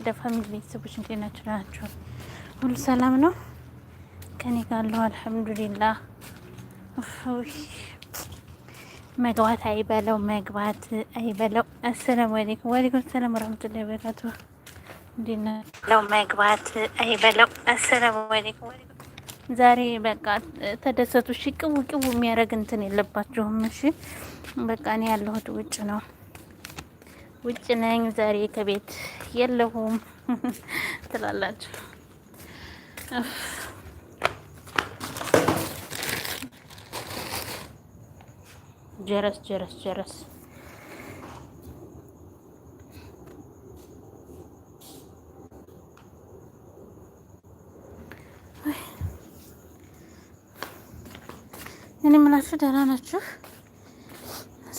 እንደ ፋሚሊ ቤተሰቦች እንዴት ናችሁ? ናችሁ ሁሉ ሰላም ነው? ከኔ ጋር አለሁ አልሐምዱሊላ። መግባት አይበለው መግባት አይበለው። አሰላሙ አለይኩም ወአለይኩም ሰላም ወራህመቱላሂ ወበረካቱ። እንዴት ናችሁ? መግባት አይበለው። አሰላሙ አለይኩም። ዛሬ በቃ ተደሰቱ። ሽቅቡ ቅቡ ቅቡ የሚያደርግ እንትን የለባችሁም። እሺ በቃ እኔ ያለሁት ውጭ ነው ውጭ ነኝ ዛሬ ከቤት የለሁም ትላላችሁ። ጀረስ ጀረስ ጀረስ እኔ ምላችሁ ደህና ናችሁ?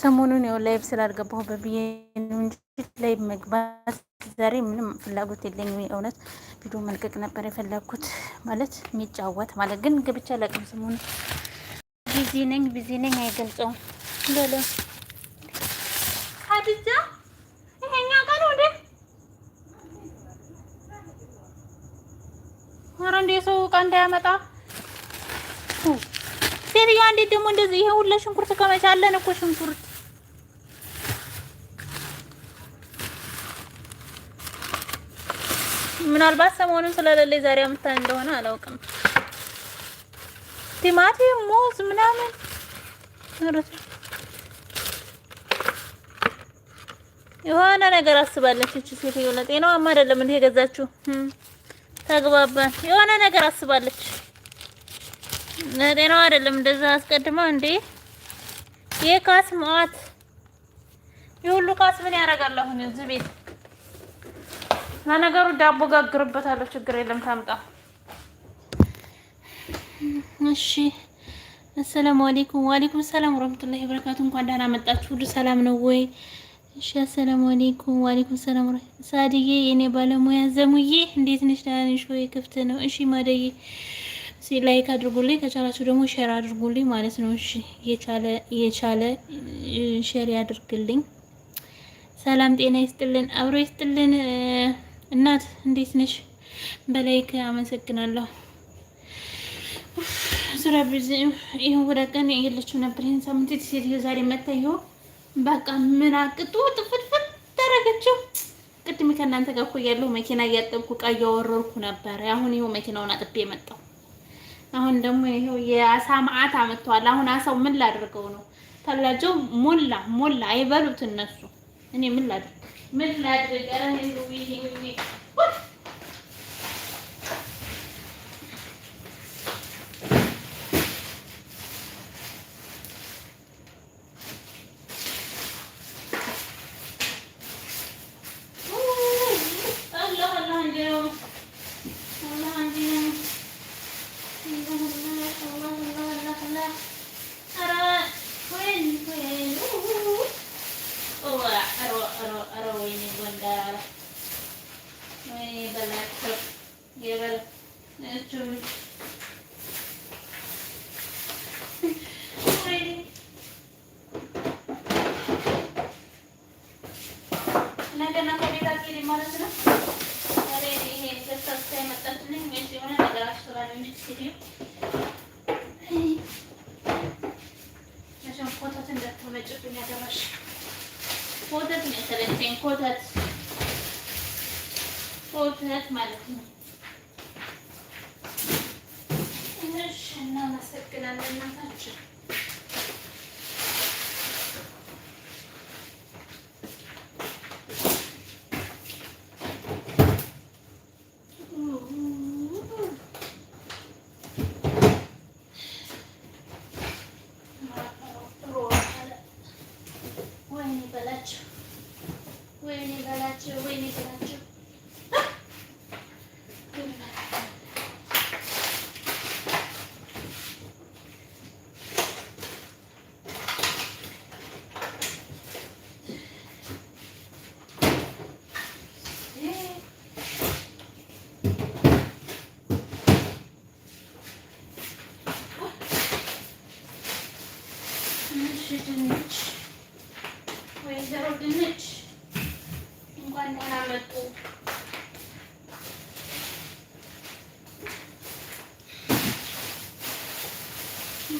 ሰሞኑን ያው ላይቭ ስላልገባሁ በብዬ እንጂ ላይቭ መግባት ዛሬ ምንም ፍላጎት የለኝም። የእውነት ቪዲዮ መልቀቅ ነበር የፈለግኩት ማለት የሚጫወት ማለት ግን ገብቼ አላውቅም። ሰሞኑ ቢዚ ነኝ ቢዚ ነኝ አይገልጸውም ሎሎ ሀዲጃ ይሄኛ ቀን ወደ ኧረ እንደ ሰው ዕቃ እንዳያመጣ ሴትዮዋ እንዴት ደግሞ እንደዚህ ይሄ ሁላ ሽንኩርት ከመቻለን እኮ ሽንኩርት ምናልባት ሰሞኑን ስለሌለ ዛሬ አምጥታ እንደሆነ አላውቅም። ቲማቲም፣ ሙዝ ምናምን የሆነ ነገር አስባለች እቺ ሴትዮ። ለጤናዋማ አይደለም እንዴ የገዛችው? ተግባባን። የሆነ ነገር አስባለች ለጤናዋ አይደለም። እንደዛ አስቀድማ እንዴ የካስ ማት መዋት የሁሉ ካስ ምን ያደርጋል አሁን እዚህ ቤት ለነገሩ ዳቦ ጋግርበታለሁ፣ ችግር የለም ታምጣ። እሺ አሰላሙ አለይኩም። ወአለይኩም ሰላም ወረህመቱላሂ ወበረካቱ። እንኳን ደህና መጣችሁ። ሁሉ ሰላም ነው ወይ? እሺ አሰላሙ አለይኩም። ወአለይኩም ሰላም ወረህመቱላሂ። ሳድዬ የኔ ባለሙያ ዘሙዬ እንዴት ነሽ? ደህና ነሽ ወይ? ክፍት ነው። እሺ ማደዬ ላይክ አድርጉልኝ፣ ከቻላችሁ ደግሞ ሼር አድርጉልኝ ማለት ነው። እሺ የቻለ የቻለ ሼር ያድርግልኝ። ሰላም ጤና ይስጥልን፣ አብሮ ይስጥልን። እናት እንዴት ነሽ? በላይክ አመሰግናለሁ። ስራ ብዙ ይህን ወደ የለችው ነበር። ይህን ሳምንት ሴት ዛሬ መታ በቃ ምን አቅጡ ጥፍትፍት ተረገችው። ቅድም ከእናንተ ጋር እኮ እያለሁ መኪና እያጠብኩ እቃ እያወረርኩ ነበር። አሁን ይኸው መኪናውን አጥቤ መጣው። አሁን ደግሞ ይኸው የአሳ መዓት አመጥተዋል። አሁን አሳው ምን ላድርገው ነው? ታላጀው ሞላ ሞላ አይበሉት እነሱ። እኔ ምን ላድርግ ምን ላድርግ? ኧረ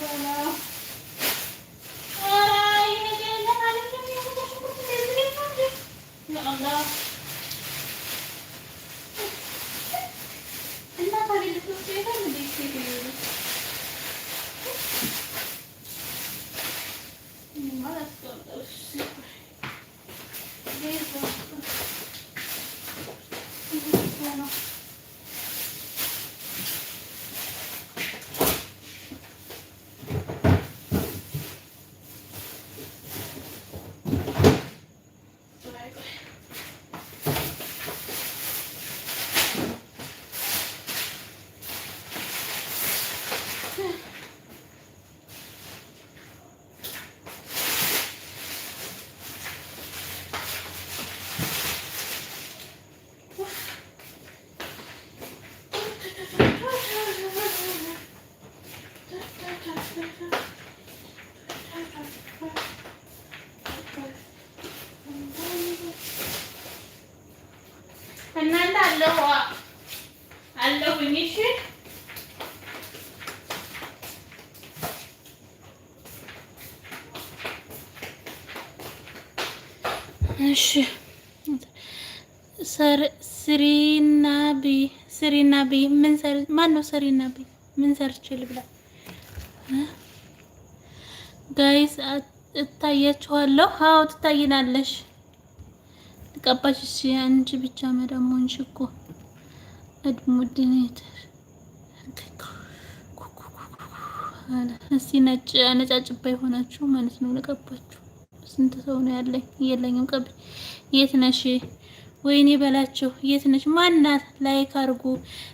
video nào ስሪና ብይ ስሪና ምን ሰር ማነው ስሪና ብይ ምን ሰርች ልብላ ጋይስ እታያችኋለሁ። አዎ ትታይናለሽ። ልቀባሽ እሺ። አንቺ ብቻ መዳም ሆንሽ እኮ እድሙድኔት እስቲ ነጭ አነጫጭባ የሆናችሁ ማለት ነው። ልቀባችሁ። ስንት ሰው ነው ያለኝ? የለኝም። ቀብ የት ነሽ? ወይኔ በላችሁ የት ነች ማናት? ላይክ አድርጉ።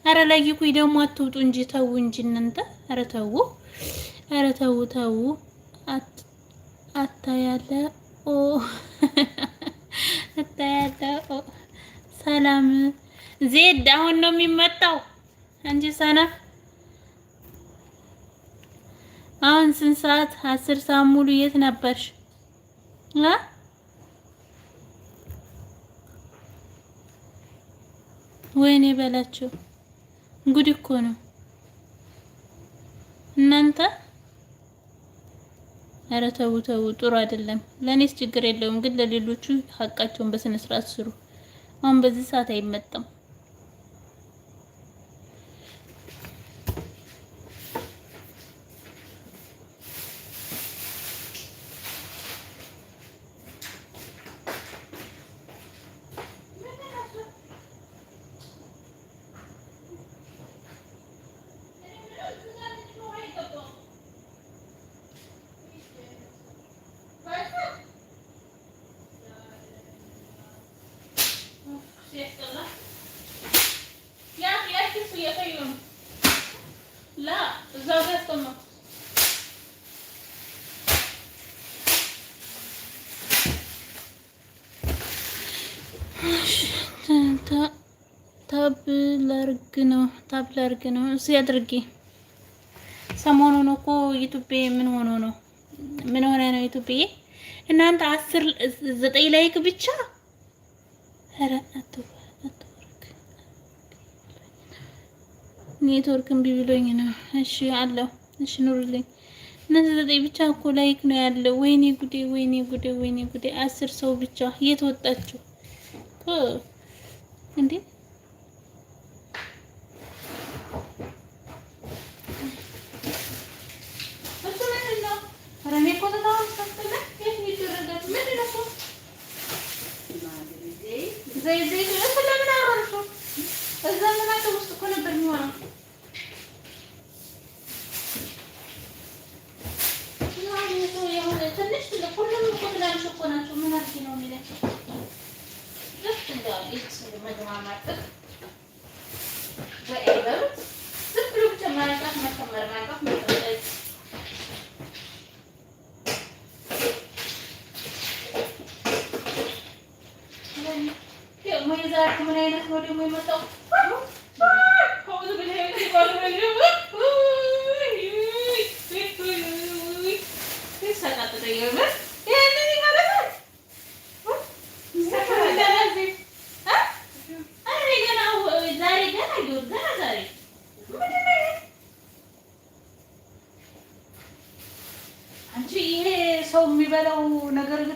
አረ ላይኩኝ ደግሞ አትውጡ እንጂ ተዉ እንጂ እናንተ። አረ ተዉ፣ አረ ተዉ፣ ተዉ። አታያለ ኦ አታያለ ኦ ሰላም ዜድ አሁን ነው የሚመጣው እንጂ ሰነፍ አሁን ስንት ሰዓት? አስር ሰዓት ሙሉ የት ነበርሽ? ወይኔ በላቸው፣ ጉድ እኮ ነው እናንተ። ኧረ ተው ተው፣ ጥሩ አይደለም። ለእኔስ ችግር የለውም ግን ለሌሎቹ ሀቃቸውን በስነ ስርዓት ስሩ። አሁን በዚህ ሰዓት አይመጣም። ታብለርግ ነው ታብለርግ ነው ሰሞኑን እኮ ዩቱቤ ምን ሆኖ ነው? ምን ሆነ ነው ዩቱቤ? እናንተ አስር ዘጠኝ ላይክ ብቻ ኧረ ኔትወርክ እምቢ ብሎኝ ነው። እሺ አለው። እሺ እነዚህ ዘጠኝ ብቻ እኮ ላይክ ነው ያለው። ወይኔ ጉዴ፣ ወይኔ ጉዴ፣ ወይኔ ጉዴ! አስር ሰው ብቻ የት ወጣችሁ? እንዴ ዘይት ዘይት ለምን አወራሽ? እዛ ምን አገባሽ እኮ ነበር የሚሆነው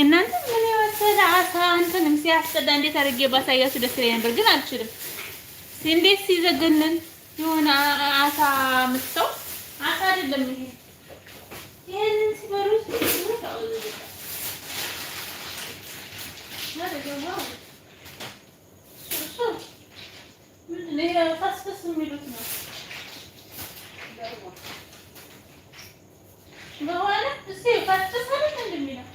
እናንተ ምን የመሰለ አሳ እንትንም ሲያስጠዳ እንዴት አድርጌ ባሳያችሁ ደስ ይለኝ ነበር፣ ግን አልችልም። እንዴት ሲዘገንን የሆነ አሳ ምስተው አሳ አይደለም ይሄ ይሄንን ሲበሩ ፈስፈስ የሚሉት ነው በኋላ እስ ፈስፈስ አይደል እንደሚለው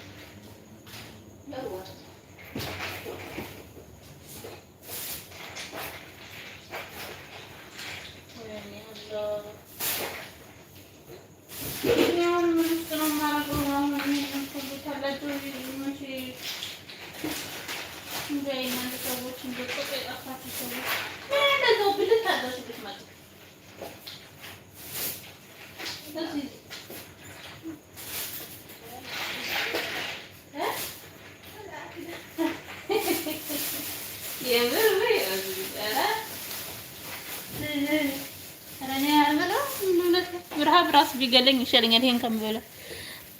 ቢገለኝ ይሻለኛል ይሄን ከምበላ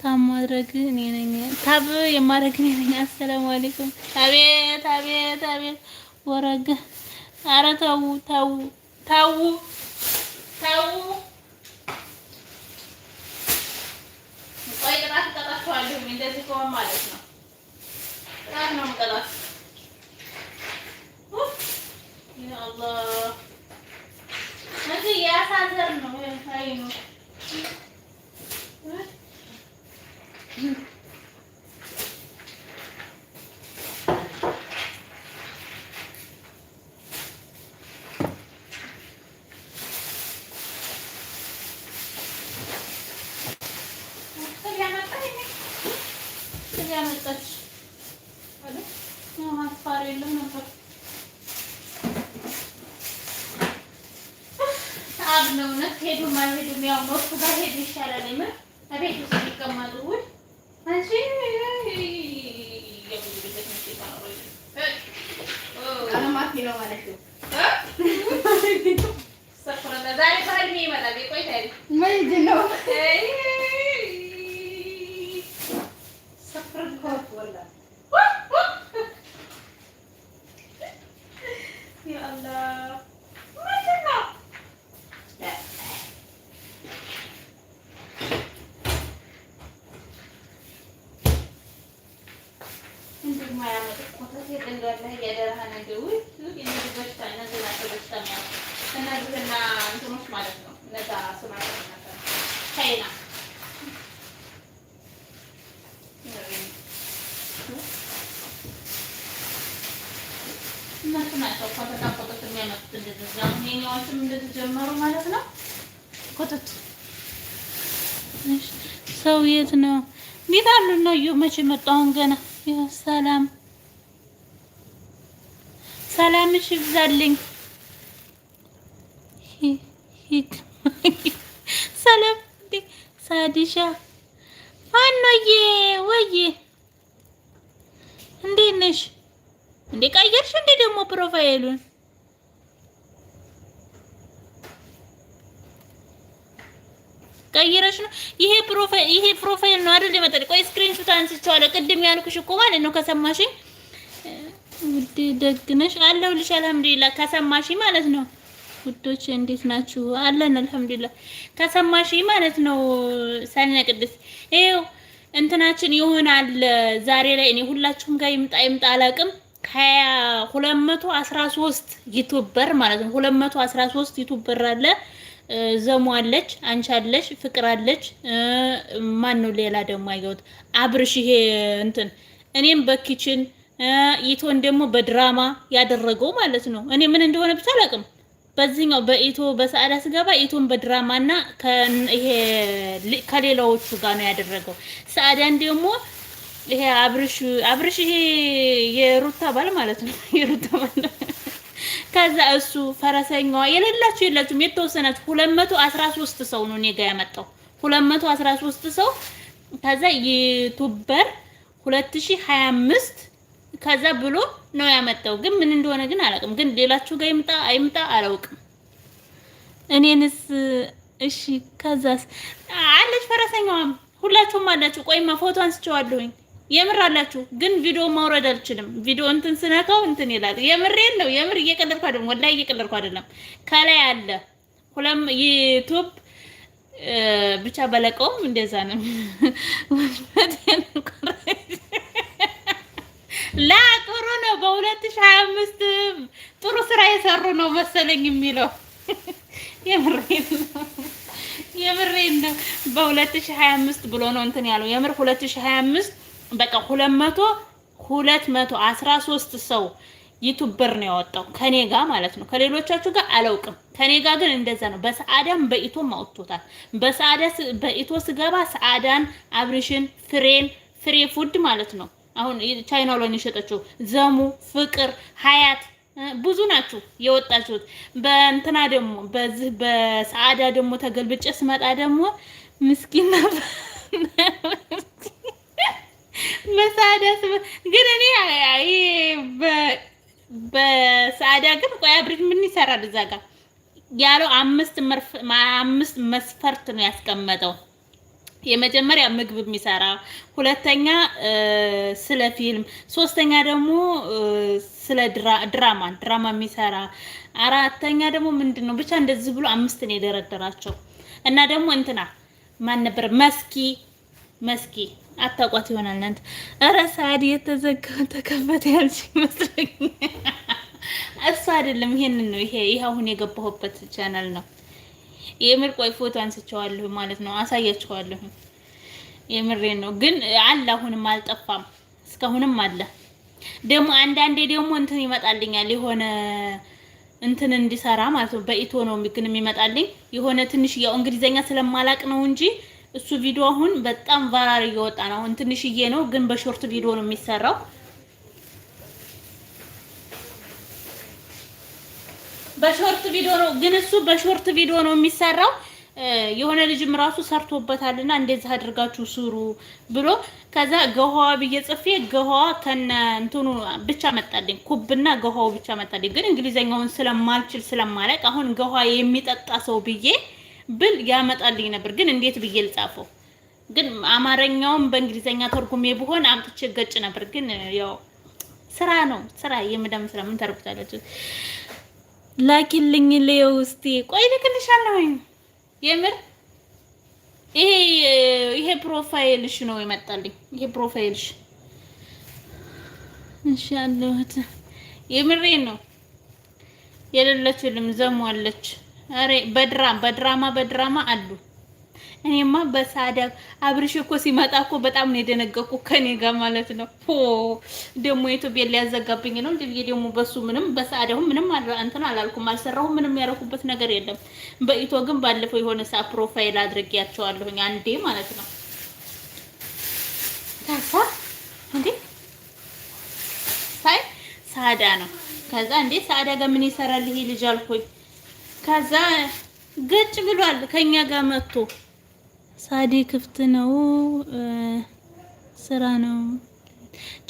ታማድረግ እኔ ነኝ። ታብ የማድረግ እኔ ነኝ። አሰላሙ አለይኩም። አቤት አቤት አቤት ወረገ። ኧረ ተው ተው ተው ተው። ነው ነው። What? ላብ ነው ነው ሄዱ ማልሄዱ ያው ወፍቱ ጋር ሄዱ ይሻላል። ለምን አቤት ውስጥ ይቀመጡ ውል አንቺ ማለት ነው። ምንድን ነው ናቸው ኮተት ነው። ሰው የት ነው? እንዴት አሉ ነው? መቼ መጣሁ? ገና ሰላም ሰላምሽ ይብዛልኝ። ሰላም እንዴ ሳዲሻ ፋኖዬ፣ ወይዬ እንዴት ነሽ? እንዴ ቀየርሽ እንዴ ደግሞ ፕሮፋይሉን ቀይረሽ ነው ይሄ ፕሮፋይል ይሄ ፕሮፋይል ነው አይደል? ይመጣል። ቆይ ስክሪንሹት አንስቼዋለሁ ቅድም ያልኩሽ እኮ ማለት ነው። ከሰማሽ ውድ ደግነሽ አለሁልሽ። አልሐምዱሊላህ ከሰማሽ ማለት ነው። ውዶች እንዴት ናችሁ? አለን አልሐምዱሊላህ። ከሰማሽ ማለት ነው። ሳኒና ቅድስ ይኸው እንትናችን ይሆናል ዛሬ ላይ እኔ ሁላችሁም ጋር ይምጣ ይምጣ አላውቅም ከሁለት መቶ አስራ ሶስት ዩቱበር ማለት ነው። ሁለት መቶ አስራ ሶስት ዩቱበር አለ። ዘሙ አለች፣ አንቺ አለች፣ ፍቅር አለች። ማን ነው ሌላ ደግሞ አይገውት አብርሽ ይሄ እንትን እኔም በኪችን ኢቶን ደግሞ በድራማ ያደረገው ማለት ነው። እኔ ምን እንደሆነ ብቻ አላውቅም። በዚህኛው በኢቶ በሰዓዳ ስገባ ኢቶን በድራማና ከሌላዎቹ ጋር ነው ያደረገው። ሰዓዳን ደግሞ ይሄ አብርሽ አብርሽ ይሄ የሩታ ባል ማለት ነው። የሩታ ባል ከዛ እሱ ፈረሰኛዋ የሌላችሁ የላችሁም የተወሰናችሁ 213 ሰው ነው እኔ ጋ ያመጣው 213 ሰው ከዛ ዩቱበር 2025 ከዛ ብሎ ነው ያመጣው። ግን ምን እንደሆነ ግን አላውቅም። ግን ሌላችሁ ጋር ይምጣ አይምጣ አላውቅም። እኔንስ እሺ ከዛስ አለች ፈረሰኛዋም ሁላችሁም አላችሁ። ቆይማ ፎቶ አንስቼዋለሁኝ። የምር አላችሁ ግን ቪዲዮ ማውረድ አልችልም። ቪዲዮ እንትን ስነካው እንትን ይላል። የምሬን ነው። የምር እየቀለድኩ አይደለም፣ ወላሂ እየቀለድኩ አይደለም። ከላይ አለ ሁለም ዩቱብ ብቻ በለቀውም እንደዛ ነው። ላ ጥሩ ነው። በሁለት ሺህ ሀያ አምስት ጥሩ ስራ የሰሩ ነው መሰለኝ የሚለው የምሬን ነው የምሬን ነው። በሁለት ሺህ ሀያ አምስት ብሎ ነው እንትን ያለው የምር ሁለት ሺህ ሀያ አምስት በቃ ሁለት መቶ ሁለት መቶ አስራ ሶስት ሰው ዩቱበር ነው ያወጣው ከኔ ጋር ማለት ነው። ከሌሎቻችሁ ጋር አላውቅም። ከኔ ጋር ግን እንደዛ ነው። በሰዓዳም በኢቶም አውጥቶታል። በሰዓዳ በኢቶ ስገባ ሰዓዳን፣ አብሪሽን፣ ፍሬን ፍሬ ፉድ ማለት ነው። አሁን ቻይና ላይ የሸጠችው ዘሙ፣ ፍቅር፣ ሀያት ብዙ ናችሁ የወጣችሁት። በእንትና ደግሞ በዚህ በሰዓዳ ደግሞ ተገልብጬ ስመጣ ደግሞ ምስኪን ነበር መሳደስ ግን እኔ በሳዳ ግን ቆይ አብሪጅ ምን ይሰራል እዛ ጋር ያለው አምስት መስፈርት ነው ያስቀመጠው። የመጀመሪያ ምግብ የሚሰራ ሁለተኛ ስለ ፊልም፣ ሶስተኛ ደግሞ ስለ ድራማ ድራማ የሚሰራ አራተኛ ደግሞ ምንድን ነው ብቻ እንደዚህ ብሎ አምስት ነው የደረደራቸው እና ደግሞ እንትና ማን ነበር መስኪ መስኪ አታውቋት ይሆናል እናንተ። ኧረ ሰዓት የተዘጋው ተከፈተ ያልሽ ይመስለኛል። እሱ አይደለም፣ ይሄን ነው። ይሄ ይሄ አሁን የገባሁበት ቻናል ነው። የምር ቆይ ፎቶ አንስቼዋለሁ ማለት ነው፣ አሳያችኋለሁ። የምሬ ነው ግን አለ፣ አሁንም አልጠፋም፣ እስካሁንም አለ። ደግሞ አንዳንዴ ደግሞ እንትን ይመጣልኛል የሆነ እንትን እንዲሰራ ማለት ነው። በኢትዮ ነው ግን የሚመጣልኝ የሆነ ትንሽ ያው እንግሊዘኛ ስለማላቅ ነው እንጂ እሱ ቪዲዮ አሁን በጣም ቫራር እየወጣ ነው። አሁን ትንሽዬ ነው ግን በሾርት ቪዲዮ ነው የሚሰራው። በሾርት ቪዲዮ ነው ግን እሱ በሾርት ቪዲዮ ነው የሚሰራው። የሆነ ልጅም ራሱ ሰርቶበታልና እንደዚህ አድርጋችሁ ስሩ ብሎ ከዛ ገሃዋ ብዬ ጽፌ ገሃዋ ከነ እንትኑ ብቻ መጣልኝ። ኩብና ገሃው ብቻ መጣልኝ። ግን እንግሊዘኛውን ስለማልችል ስለማለቅ አሁን ገዋዋ የሚጠጣ ሰው ብዬ ብል ያመጣልኝ ነበር፣ ግን እንዴት ብዬ ልጻፈው? ግን አማርኛውም በእንግሊዘኛ ተርጉሜ ብሆን አምጥቼ ገጭ ነበር። ግን ያው ስራ ነው ስራ፣ የመዳም ስራ ምን ታደርጉታላችሁ? ላኪልኝ ሌው እስቲ ቆይ ልክልሻለሁኝ። የምር ይሄ ይሄ ፕሮፋይልሽ ነው ይመጣልኝ። ይሄ ፕሮፋይልሽ እንሻለሁት የምሬን ነው። የሌለችው ልም አለች። አሬ በድራማ በድራማ በድራማ አሉ። እኔማ በሳዳ አብርሽ እኮ ሲመጣ እኮ በጣም ነው የደነገኩ ከኔ ጋር ማለት ነው። ፖ ደግሞ ኢትዮጵያ ሊያዘጋብኝ ነው እንዴ? ደግሞ በሱ ምንም በሳዳው ምንም እንትን አላልኩም፣ አልሰራሁም። ምንም ያረኩበት ነገር የለም። በኢቶ ግን ባለፈው የሆነ ሳ ፕሮፋይል አድርጌያቸዋለሁኝ አንዴ ማለት ነው። ታሳ እንዴ ሳይ ሳዳ ነው። ከዛ እንዴ ሳዳ ጋር ምን ይሰራል ይሄ ልጅ አልኩኝ። ከዛ ገጭ ብሏል ከኛ ጋር መጥቶ ሳዲ ክፍት ነው ስራ ነው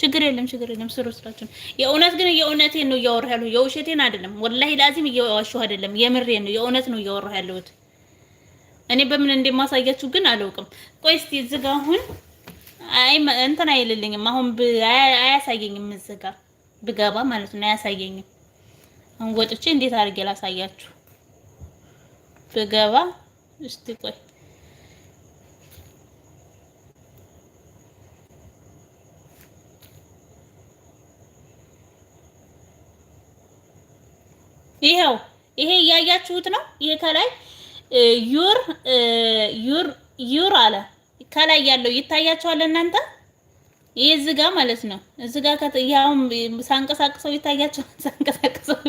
ችግር የለም ችግር የለም ስሩ ስራችን የእውነት ግን የእውነቴን ነው እያወራ ያለሁት የውሸቴን አይደለም ወላሂ ላዚም እየዋሸሁ አይደለም የምሬን ነው የእውነት ነው እያወራ ያለሁት እኔ በምን እንደማሳያችሁ ግን አላውቅም ቆይ እስቲ እዚህ አሁን አይ እንትን አይልልኝም አሁን አያሳየኝም እዚህ ጋ ብገባ ማለት ነው አያሳየኝም አሁን ወጥቼ እንዴት አድርጌ ላሳያችሁ ብገባ እስቲ ቆይ ይኸው ይሄ እያያችሁት ነው። ይሄ ከላይ ዩር ዩር ዩር አለ ከላይ ያለው ይታያችኋል እናንተ ይሄ እዚህ ጋር ማለት ነው። እዚህ ጋር ከተ ያውም ሳንቀሳቅሰው ይታያቸዋል። ሳንቀሳቅሰው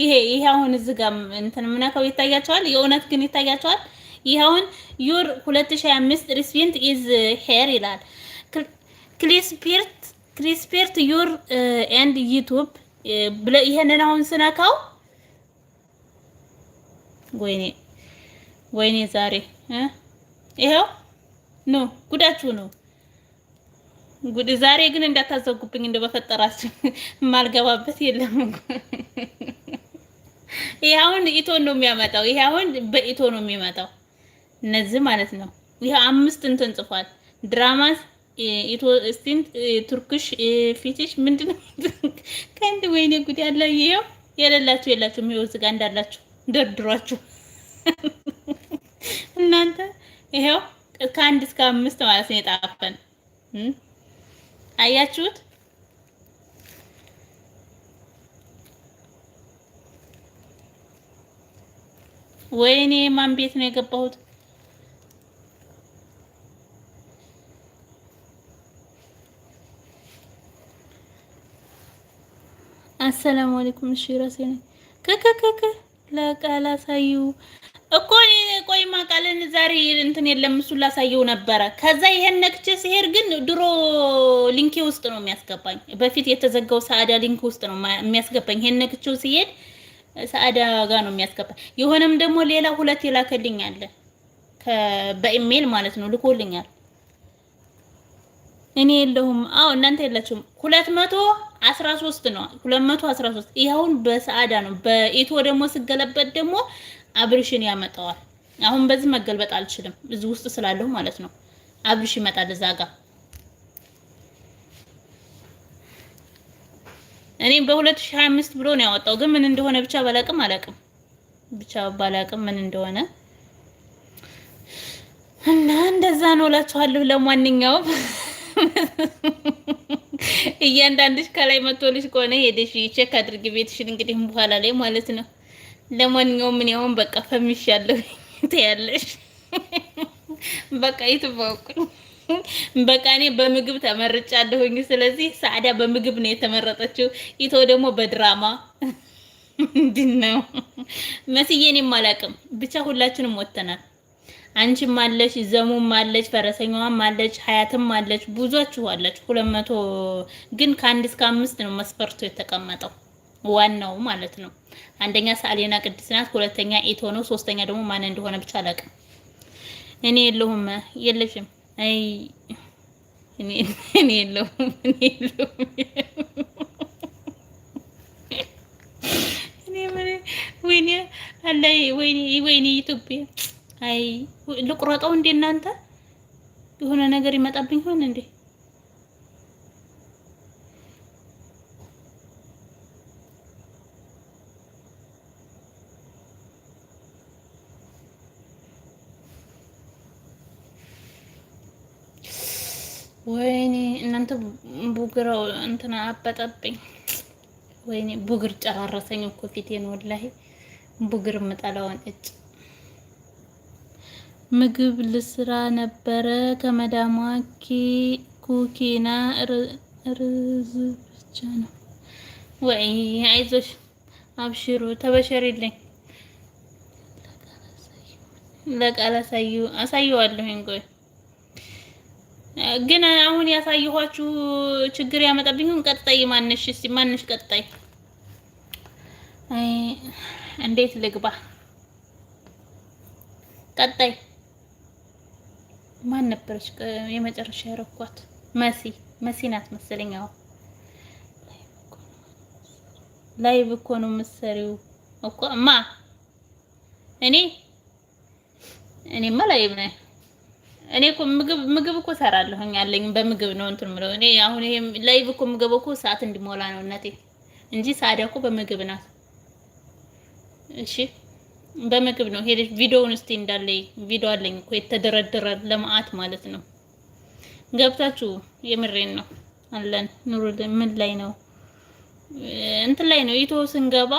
ይሄ ይሄ አሁን እዚህ ጋር እንትን ምናከው ይታያቸዋል። የእውነት ግን ይታያቸዋል። ይሄ አሁን ዩር 2025 ሪስፒንት ኢዝ ሄር ይላል። ክሪስፒርት ክሪስፒርት ዩር ኤንድ ዩቱብ ብለ ይሄንን አሁን ስነካው ወይኔ ወይኔ ዛሬ ይሄው ነው ጉዳችሁ ነው ጉድ ዛሬ ግን እንዳታዘጉብኝ፣ እንደው በፈጠራችሁ የማልገባበት የለም። ይሄ አሁን ኢቶ ነው የሚያመጣው። ይሄ አሁን በኢቶ ነው የሚመጣው። እነዚህ ማለት ነው። ይሄ አምስት እንትን ጽፏል። ድራማስ ኢቶ ስቲን ቱርክሽ ፊቲሽ ምንድነው? ከንድ ወይኔ ጉድ ያለ ይሄው የሌላችሁ የላችሁ የሚወዝ ጋር እንዳላችሁ ደርድሯችሁ እናንተ ይሄው ከአንድ እስከ አምስት ማለት ነው የጣፈን አያችሁት? ወይኔ ማን ቤት ነው የገባሁት? አሰላሙ አለይኩም። እሺ ራሴ ነኝ። ከከከከ ለቃል አሳዩ እኮ ቆይ ማቃለን ዛሬ እንትን የለም እሱን ላሳየው ነበረ። ከዛ ይሄን ነክቼ ሲሄድ ግን ድሮ ሊንኬ ውስጥ ነው የሚያስገባኝ። በፊት የተዘጋው ሰአዳ ሊንክ ውስጥ ነው የሚያስገባኝ። ይሄን ነክቼው ሲሄድ ሰአዳ ጋር ነው የሚያስገባኝ። የሆነም ደግሞ ሌላ ሁለት የላከልኝ አለ በኢሜይል ማለት ነው ልኮልኛል። እኔ የለሁም። አዎ እናንተ የላችሁም። ሁለት መቶ አስራ ሶስት ነው ሁለት መቶ አስራ ሶስት ይኸውን በሰአዳ ነው። በኢትዮ ደግሞ ስገለበት ደግሞ አብርሽን ያመጣዋል። አሁን በዚህ መገልበጥ አልችልም፣ እዚህ ውስጥ ስላለሁ ማለት ነው። አብርሽ ይመጣል እዛ ጋር እኔ በ2025 ብሎ ነው ያወጣው፣ ግን ምን እንደሆነ ብቻ ባላቅም አላቅም ብቻ ባላቅም ምን እንደሆነ እና እንደዛ ነው እላችኋለሁ። ለማንኛውም እያንዳንድሽ ከላይ መቶልሽ ከሆነ ሄደሽ ቼክ አድርጊ ቤትሽን፣ እንግዲህ በኋላ ላይ ማለት ነው። ለማንኛውም ምን ያውም በቃ ፈምሻለሁ ትያለሽ። በቃ ይትባውቁኝ በቃ እኔ በምግብ ተመርጫለሁኝ። ስለዚህ ሳዕዳ በምግብ ነው የተመረጠችው። ኢቶ ደግሞ በድራማ ምንድን ነው መስዬ፣ እኔም አላቅም ብቻ ሁላችንም ወተናል። አንቺም አለች ዘሙም አለች ፈረሰኛዋም አለች ሀያትም አለች ብዙችሁ አለች። ሁለት መቶ ግን ከአንድ እስከ አምስት ነው መስፈርቱ የተቀመጠው ዋናው ማለት ነው። አንደኛ ሰአሌና ቅድስት ናት፣ ሁለተኛ ኢቶ ነው፣ ሶስተኛ ደግሞ ማን እንደሆነ ብቻ አላውቅም። እኔ የለሁም የለሽም። አይ እኔ እኔ የለሁም እኔ የለሁም እኔ ወይኔ አለ ወይኔ ወይኔ ኢትዮጵያ አይ ልቁረጠው እንዴ እናንተ የሆነ ነገር ይመጣብኝ ሆን እንዴ? ወይኔ እናንተ ቡግረው እንትና አበጠብኝ። ወይኔ ቡግር ጨራረሰኝ እኮ ፊቴን ወላሂ ቡግር ምጠላውን እጭ ምግብ ልስራ ነበረ ከመዳሟ ኩኪና ርዝ ብቻ ነው ወይ? አይዞሽ፣ አብሽሩ፣ ተበሸሪልኝ። ለቃል አሳዩ አሳየዋለሁ። እንቆይ ግን አሁን ያሳየኋችሁ ችግር ያመጣብኝ። ቀጣይ ማንሽ? እስቲ ማንሽ ቀጣይ እንዴት ልግባ? ቀጣይ ማን ነበረች የመጨረሻ ያረኳት? መሲ መሲ ናት መሰለኝ። አዎ ላይቭ እኮ ነው የምትሰሪው እኮ ማ እኔ እኔማ ላይቭ ነኝ። እኔ እኮ ምግብ ምግብ እኮ እሰራለሁ አለኝ። በምግብ ነው እንትን የምለው እኔ አሁን። ይሄ ላይቭ እኮ ምግብ እኮ ሰዓት እንዲሞላ ነው እናቴ እንጂ ሳዲያ እኮ በምግብ ናት። እሺ በምግብ ነው ሄደሽ ቪዲዮውን እስቲ እንዳለኝ ቪዲዮ አለኝ እኮ የተደረደረ ለማአት ማለት ነው። ገብታችሁ የምሬን ነው አለን ኑሩ። ምን ላይ ነው እንትን ላይ ነው ይቶ ስንገባ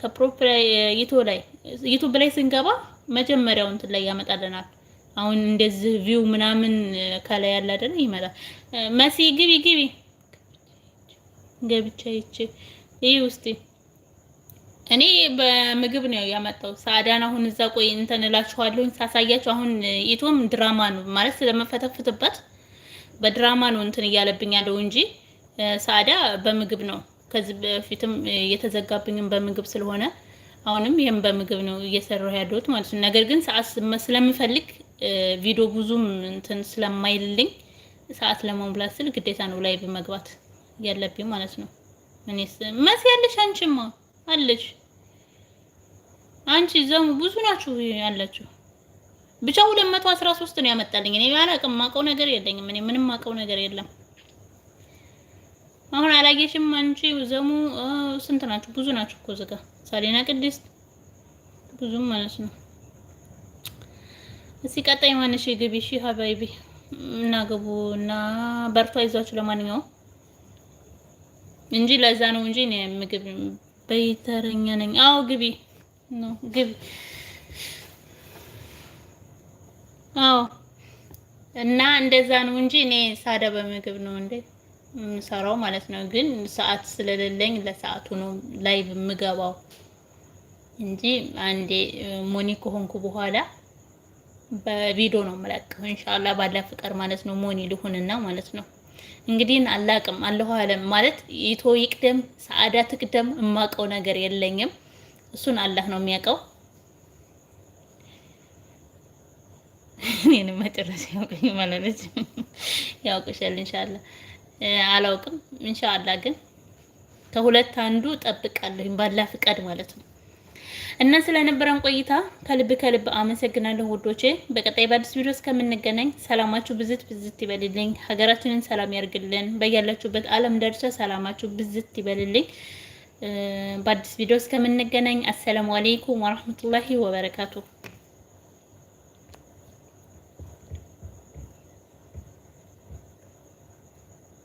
ከፕሮፕራይ ይቶ ላይ ዩቲዩብ ላይ ስንገባ መጀመሪያው እንትን ላይ ያመጣልናል። አሁን እንደዚህ ቪው ምናምን ከላይ ያለ አይደል ይመጣል። መሲ ግቢ ግቢ ገብቻ ይቺ ይህ ውስጥ እኔ በምግብ ነው ያመጣው ሳዳን። አሁን እዛ ቆይ እንትን እላችኋለሁኝ ሳሳያችሁ። አሁን ኢቶም ድራማ ነው ማለት ስለመፈተፍትበት በድራማ ነው እንትን እያለብኝ ያለው እንጂ ሳዳ በምግብ ነው። ከዚህ በፊትም የተዘጋብኝም በምግብ ስለሆነ አሁንም ይህም በምግብ ነው እየሰራሁ ያለሁት ማለት ነው። ነገር ግን ሰዓት ስለምፈልግ ቪዲዮ ብዙም እንትን ስለማይልኝ ሰዓት ለመሙላት ስል ግዴታ ነው ላይቭ መግባት ያለብኝ ማለት ነው። መስ ያለሽ አንቺማ አለች። አንቺ ዘሙ ብዙ ናችሁ ያላችሁ ብቻ 213 ነው ያመጣልኝ። እኔ አላውቅም፣ የማውቀው ነገር የለኝም። እኔ ምንም የማውቀው ነገር የለም። አሁን አላጌሽም። አንቺ ዘሙ ስንት ናችሁ? ብዙ ናችሁ እኮ ዝጋ ሳሌና ቅድስት ብዙም ማለት ነው። እስኪ ቀጣይ ማነሽ ግቢ። እሺ ሀባይቢ እና ግቡ እና በርቷ ይዛችሁ ለማንኛውም እንጂ ለዛ ነው እንጂ ምግብ በይተረኛ ነኝ። አዎ ግቢ ነው ግቢ። አዎ እና እንደዛ ነው እንጂ እኔ ሳደ በምግብ ነው እንዴ የምሰራው ማለት ነው። ግን ሰዓት ስለሌለኝ ለሰዓቱ ነው ላይቭ የምገባው እንጂ አንዴ ሞኒ ከሆንኩ በኋላ በቪዲዮ ነው የምለቀው። ኢንሻአላህ ባላ ፍቅር ማለት ነው ሞኒ ልሁንና ማለት ነው። እንግዲህ አላቅም አለሁ አለም ማለት ይቶ ይቅደም ሰዓዳ ትቅደም እማቀው ነገር የለኝም። እሱን አላህ ነው የሚያውቀው። እኔንም መጨረሻ ያውቀኝ ማለት ያውቅሻል። ኢንሻአላህ አላውቅም። ኢንሻአላህ ግን ከሁለት አንዱ ጠብቃለሁ ባላ ፍቃድ ማለት ነው። እና ስለነበረን ቆይታ ከልብ ከልብ አመሰግናለሁ ውዶቼ። በቀጣይ በአዲስ ቪዲዮ እስከምንገናኝ ሰላማችሁ ብዝት ብዝት ይበልልኝ። ሀገራችንን ሰላም ያርግልን። በያላችሁበት ዓለም ዳርቻ ሰላማችሁ ብዝት ይበልልኝ። በአዲስ ቪዲዮ እስከምንገናኝ አሰላሙ አሌይኩም ወረህመቱላሂ ወበረካቱ።